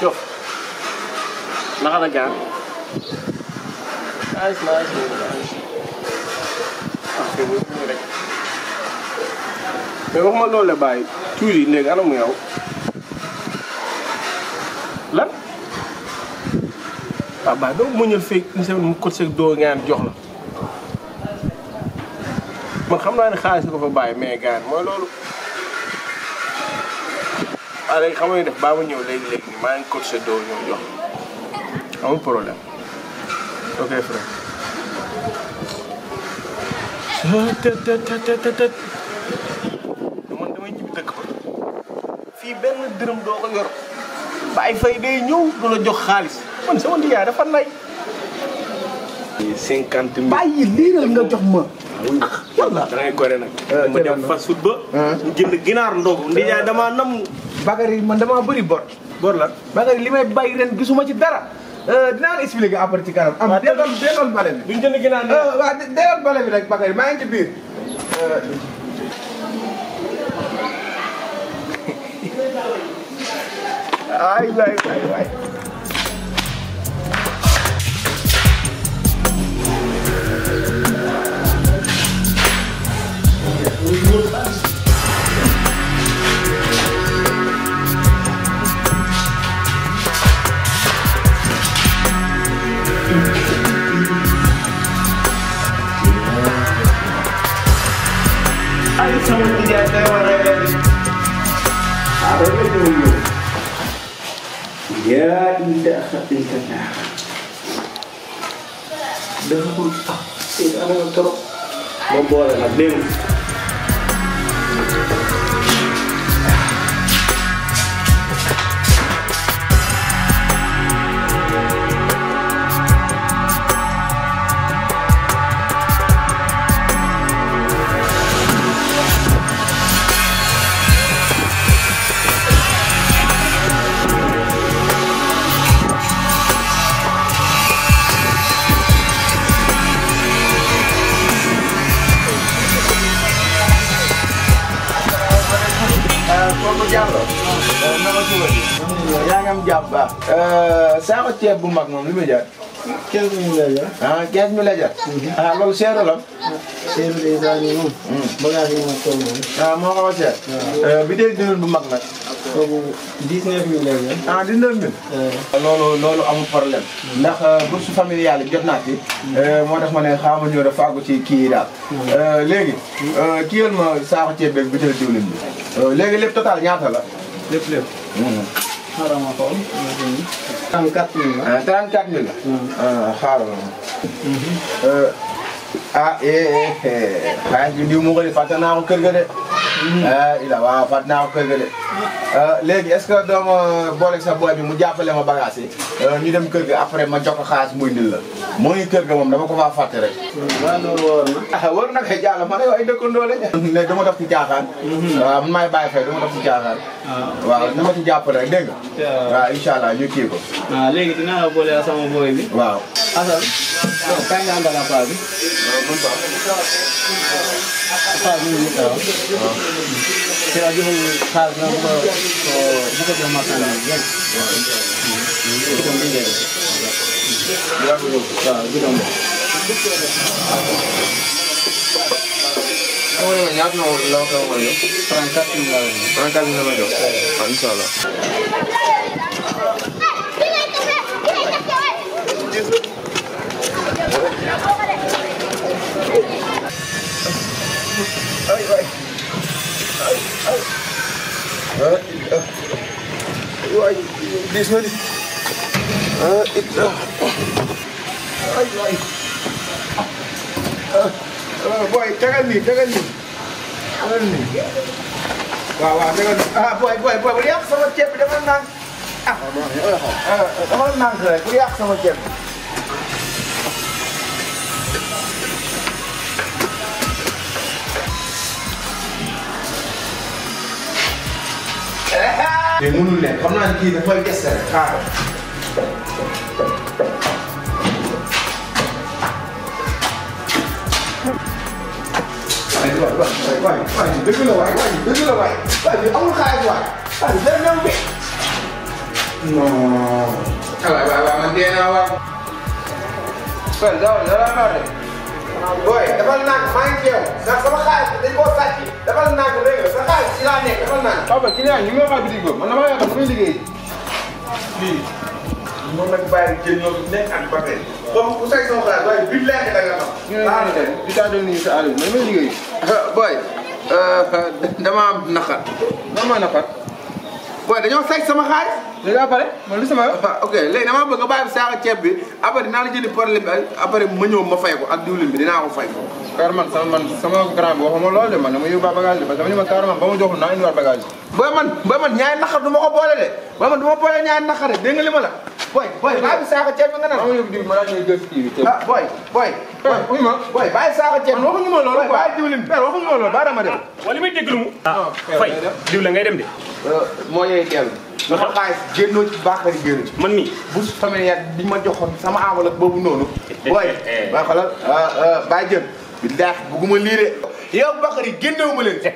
شوف ما هذا قاعد نايس نايس mais waxuma loolu la bàyyi tuuti yi léegi ana mu yow lan waaw bàyyi doo muñal feeg ni sa mu kot seeg doo gaan jox la man xam naa ne xaalis ko fa bàyyi mais gaan mooy loolu alay kamu xam bawa def baa ma ñëw léegi léegi nii maa ngi coach sa doo ñëw jox amul problème ok frère. tët tët tët tët tët man damay ñibbi dëkk ba fii benn dërëm ada ko yor bàyyi fay day ñëw du la jox xaalis man sama ndiyaay dafa nay. cinquante mille nga jox ma. Ah, da ngay eh, fast food ba. Eh? jënd ndog nam. Bakary man damaa bëri bor. bor la Bakary li may bàyyi ren gisuma ci dara. Euh, naa la expliqué après ci kanam. am delloo delloo bale bi. duñ jënd ginnaaw bi euh, waaw delloo bale bi rek Bakary maa ngi euh. ay waay waay waay. Ahí somos estudiantes, Apa yang dulu? Ya ilaha illallah. Dah pun tak. Ini anak teruk. Memboleh nak jàll. Eh, yaa ngi am jàmm baax. Eh, saako ceeb bu mag moom li muy jaar. 15 mille lay jar. ah 15 mille lay jar. Mhm. ah loolu mm. ah, seer la. seer eh, bi daal di bu mag nag. kooku 19 ah 19 mille. loolu loolu amul problème. ndax bu familiale jot naa ci. Mm. moo tax ma ne xaaral ma ñëw rek ci kii yi daal. Mm. léegi. kiyal ma saako ceeb beeg butéel diwlin bi. léegi lépp total ñaata la. lépp lépp. xaaral ma xool. 34000 la. 34000 a xaaral ma. ah eh eh xaalis bi diw mu ngi ko fàtte naa ko kër ga de. Mm. Eh, ila waaw fàtt naa kër ga de eh, léegi est-ce que doo ma boole sa boy bi mu jàppale ma bagage yi eh, ñu dem kër ga après ma jox ko xaalis muy ndil la moo kër ga moom dama ko faa fàtte rek waaw loolu wóor na ah, wóor na kay jàll ma ne waaye dëkkandoo la ne mm-hmm. waaw man maay bàyyi fay dama def ci caaxaan ah. waaw na ma ci jàppale rek dégg nga waaw ñu kii ko ah, léegi dinaa la boole sama boy bi waaw asal kañ nga àndal ak paa bi. paa bi mu ngi dara. waaw. te ak yow xaalis na bu ko bu ko jox makaan bi yéen. waaw. bidon bi ngeen. waaw bidon bi. xam nga ñaata na woon la ko war a jox. 34 mille la la jox. 34 mille la ma jox. waaw incha allah. gis nga li ah it uh, ay waay ah uh, uh, booy tegal nii tegal nii tegal nii waaw waaw tegal nii ah booy booy booy bu yàq sama ceeb bi dafa naan ah dafa ah, ah, naan rek bu yàq sama ceeb bi te mënul ne xam naa kii dafay geste rek xaaral waay waay waay waay waay dëgg la waay waay dëgg la waay waay bi amul xaalis waay waay dara néew bi non waay waay waay man dee naa waay waay daaw dara naa de booy dafa naan maa ngi teew ndax sama xaalis dañ koo sàcc dafa naan dégg nga sa xaalis ci laa nekk dafa naan. papa ba man damaa yaakaar fu muy liggéey. lii moom nag bàyyi jën ñoo nekk ak bafet. comme bu sàcc sama xaalis waaye biñ lekk da nga xam. ah ok di taa doon nii sa àll liggéey. booy euh, damaa am dama naqar. booy dañoo sàcc sama xaalis. léegi après man lu sama ah, ok léegi damaa bëgg nga bàyyi saako ceeb bi après dinaa la jëndi problème bi après ma ñëw ma fay ko ak diwlin bi dinaa ko fay ko. car man sama man sama grand bi waxuma loolu de man dama de man ba ma joxul naa indiwaat bagage booy man booy man ñaari naqar du ma ko de man du ma boole ñaari naqar de dégg nga ma la boy boy bàyyi saako ceeb bi nga naan ma yóbbu diw ma laa ñuy gës kii bi ceeb ah boy boy boy eh, ma boy bàyyi saako ceeb man waxuñu ma loolu bàyyi diwlin baa dama dem wala may déglu mu ah, ah, fay diw la ngay dem de euh, moo yey ceeb nga xam xaalis génnoo ci baax la génn. man mi bourse familiale bi ma joxoon sama enveloppe boobu noonu. booy booy xoolal baa jën. billaahi bugguma lii de. yow Bakary génnewu ma leen.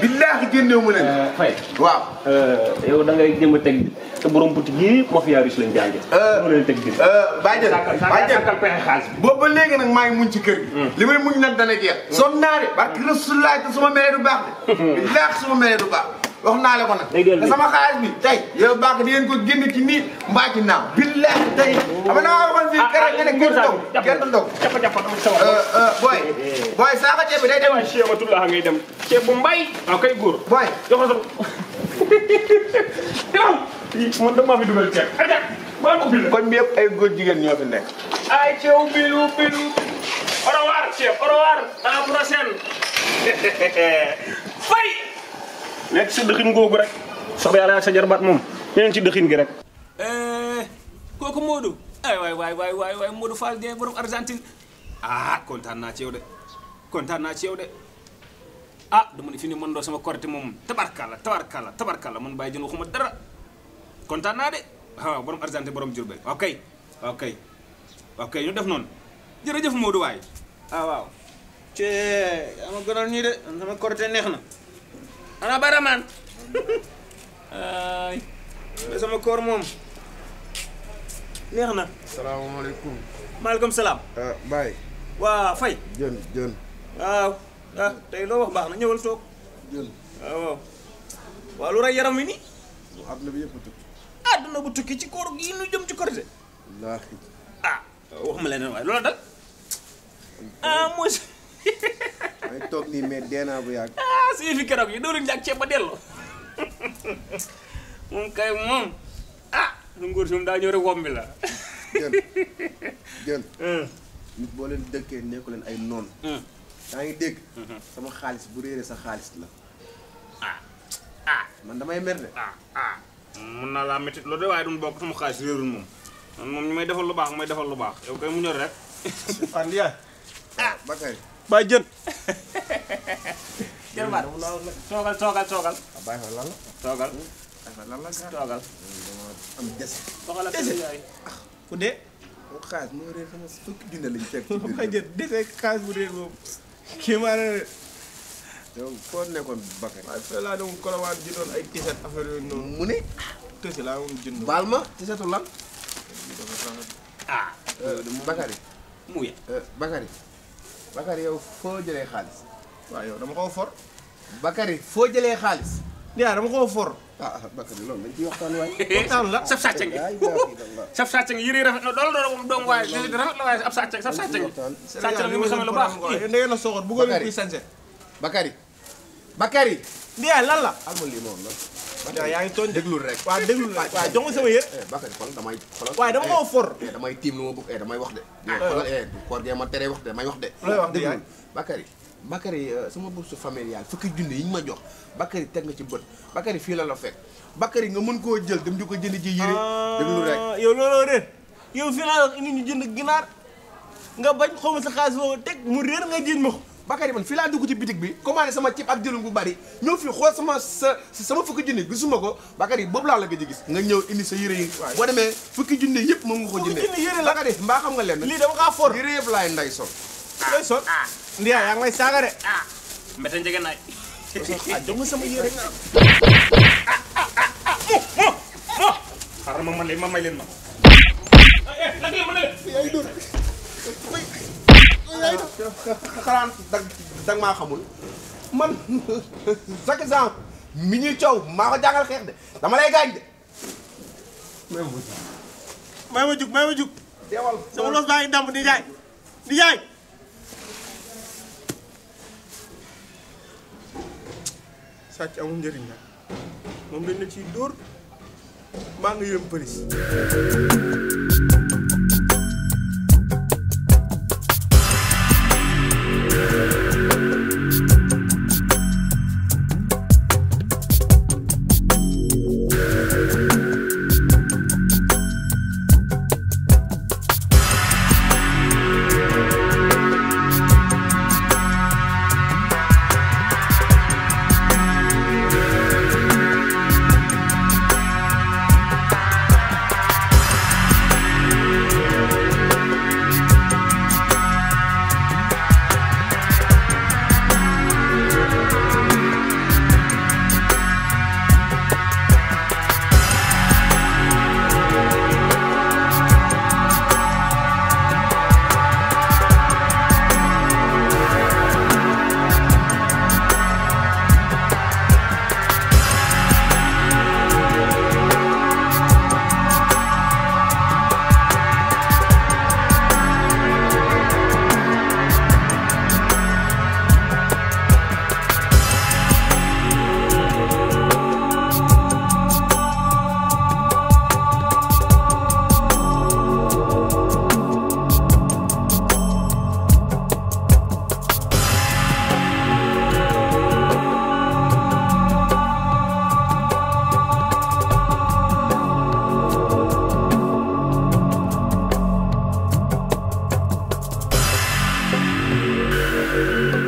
billaahi génnewu ma leen. Euh, Faye waaw. Euh, yow da ngay jéem a teg sa borom boutique yi mafia riche lañ jàngee. loolu euh, leen teg biir. baa jën baa jën sàkkal pexe xaalis bi. boobu ba léegi nag maa ngi muñ ci kër gi. Hmm. li may muñ nag dana jeex. Hmm. sonn naa de. barke Rasulullah te suma meree du baax de. billaahi suma meree du baax. wax naa la ko nag. dëgg sama xaalis bi tey. yow baax di ngeen ko génn ci nii mbaa ci naaw. billahi tey xam nga naa waxoon fii ah, keroog ñu ne kenn du ndaw kenn du ndaw. jàpp jàpp euh, euh, booy. booy saako ceeb bi day dem. waaw ceeb atulaa ngay dem. ceeb bu mbay. waaw ah, kay góor. booy jox ko sa. yow. man damaa fi dugal ceeb. maa ko bind. koñ bi yëpp ay góor jigéen ñoo fi nekk. ay ceeb bilu bilu. au revoir ceeb au revoir. à la prochaine. fay. nek ci dexin gogu rek sax yalla ak sa jarbat mom ñeneen ci dexin gi rek eh koku Modou eh, ay way way way way way Modou Fall de borom Argentine ah kontaan na ci yow de kontaan na ci yow de ah dama ne fini ne man doo sama korte mom tabarkala tabarkala tabarkala man bàyyi jën waxuma dara kontaan na de ha ah, borom Argentine borom jurbe ok ok ok ñu def non noonu jërëjëf Modou way ah waaw ci ama gënal ñi de sama korte neexna ana bara man ay sama koor moom neex na salaamaaleykum salam salaam eh, bay wa fay jeun jeun waaw ah, ah tay lo wax baxna na tok jeun oh. waaw lu ray yaram ni nii àdduna bi yepp tuk àdduna bu tukki ci koor gi ñu jëm ci korite wallaahi ah waxuma leneen waaye lo dal ah mo may toog nii mais deenaa bu yàgg ah si fi keroog yi dawlin jàg ceeb ba delloo moom kay moom ah lu nguur sum daa ñëw rek wombi la jën jën hmm. nit boo leen dëkkee nekku leen ay noon yaa hmm. ngi dégg hmm. sama xaalis bu réeree sa xaalis la ah ah man damay merde. ah ah mun naa laa métti loolu de waaye duñ bokk sama xaalis réerul moom man moom ñu may defal lu baax may defal lu baax yow kay mu ñor rek. Andiya. ah Bakary. Baye Diène. jël baat toogal toogal toogal. bàyyi fa lan la. toogal. bàyyi fa lan la toogal. Ah, ku dee. xaalis moo réer sama fukki dina lañ fekk. ma jël dese xaalis bu réer boobu. kii maa ne. yow foo nekkoon Bakary. waaye fële laa doon Colobane jëndoon ay t-shirt yooyu noonu. mu ne. tësi laa moom jënd. baal ma t lan. ah. Euh, euh, Bakary. yow foo jëlee xaalis. waaw yow dama koo for. Bakary foo jëlee xaalis. yaa dama koo for. ah, ah Bakary loolu dañ ciy waxtaan waay. waxtaan la saf sàcc ngi saf sàcc ngi yëre rafet na loolu doon doon waaye rafet na waaye ab sàcc saf sàcc ngi. sàcc la ni mu xamee lu baax. da ngeen a soxor bu góor kuy sañse. Bakary Bakary. yaa lan la. almal lii moom la. waaw yaa ngi tooñ déglul rek. waaw déglul rek waaw jox ma sama yër. Eh, Bakary xool damay xoolal. waaye dama koo eh, for. Eh, damay tiim lu ma bëgg damay wax de. Ah, xoolal koor gee ma teree wax de damay wax de. looy wax de Bakary Bakary euh, sama bourse familiale fukki junne yi ñu ma jox Bakary teg nga ci bët Bakary fii la la fekk Bakary nga mën koo jël dem di ko jënd ji yére ah, yow looloo réer yow fii ñu jënd ginaar nga bañ xaw ma sa xaalis boobu teg mu réer nga jiiñ ma ko Bakary man fii laa dugg ci bitig bi commandé sama ceeb ak jëlum bu bari ñëw fii xool sama sa sama fukki junne gisuma ko Bakary laa la gëj gis nga ñëw indi sa yére yi boo demee fukki junne yëpp moom nga ko jëndee Bakary mbaa xam nga lenn lii dama kaa for yére yëpp laay nday sol looy sol. Ndiaye yaa ngi may saaga de. ah mbete njëgën naay. ah jox ma sama yére. ah ah ah mo mo mo. xaaral ma may ma may leen ma. naka la ma ne. yaa ngi dóor yaa ngi dóor. xanaa dag dag maa xamul. man chaque di jaay di jaay. sàcc amul njëriñ la moom dañ la ciy dóor maa ngi yëm pëlis thank you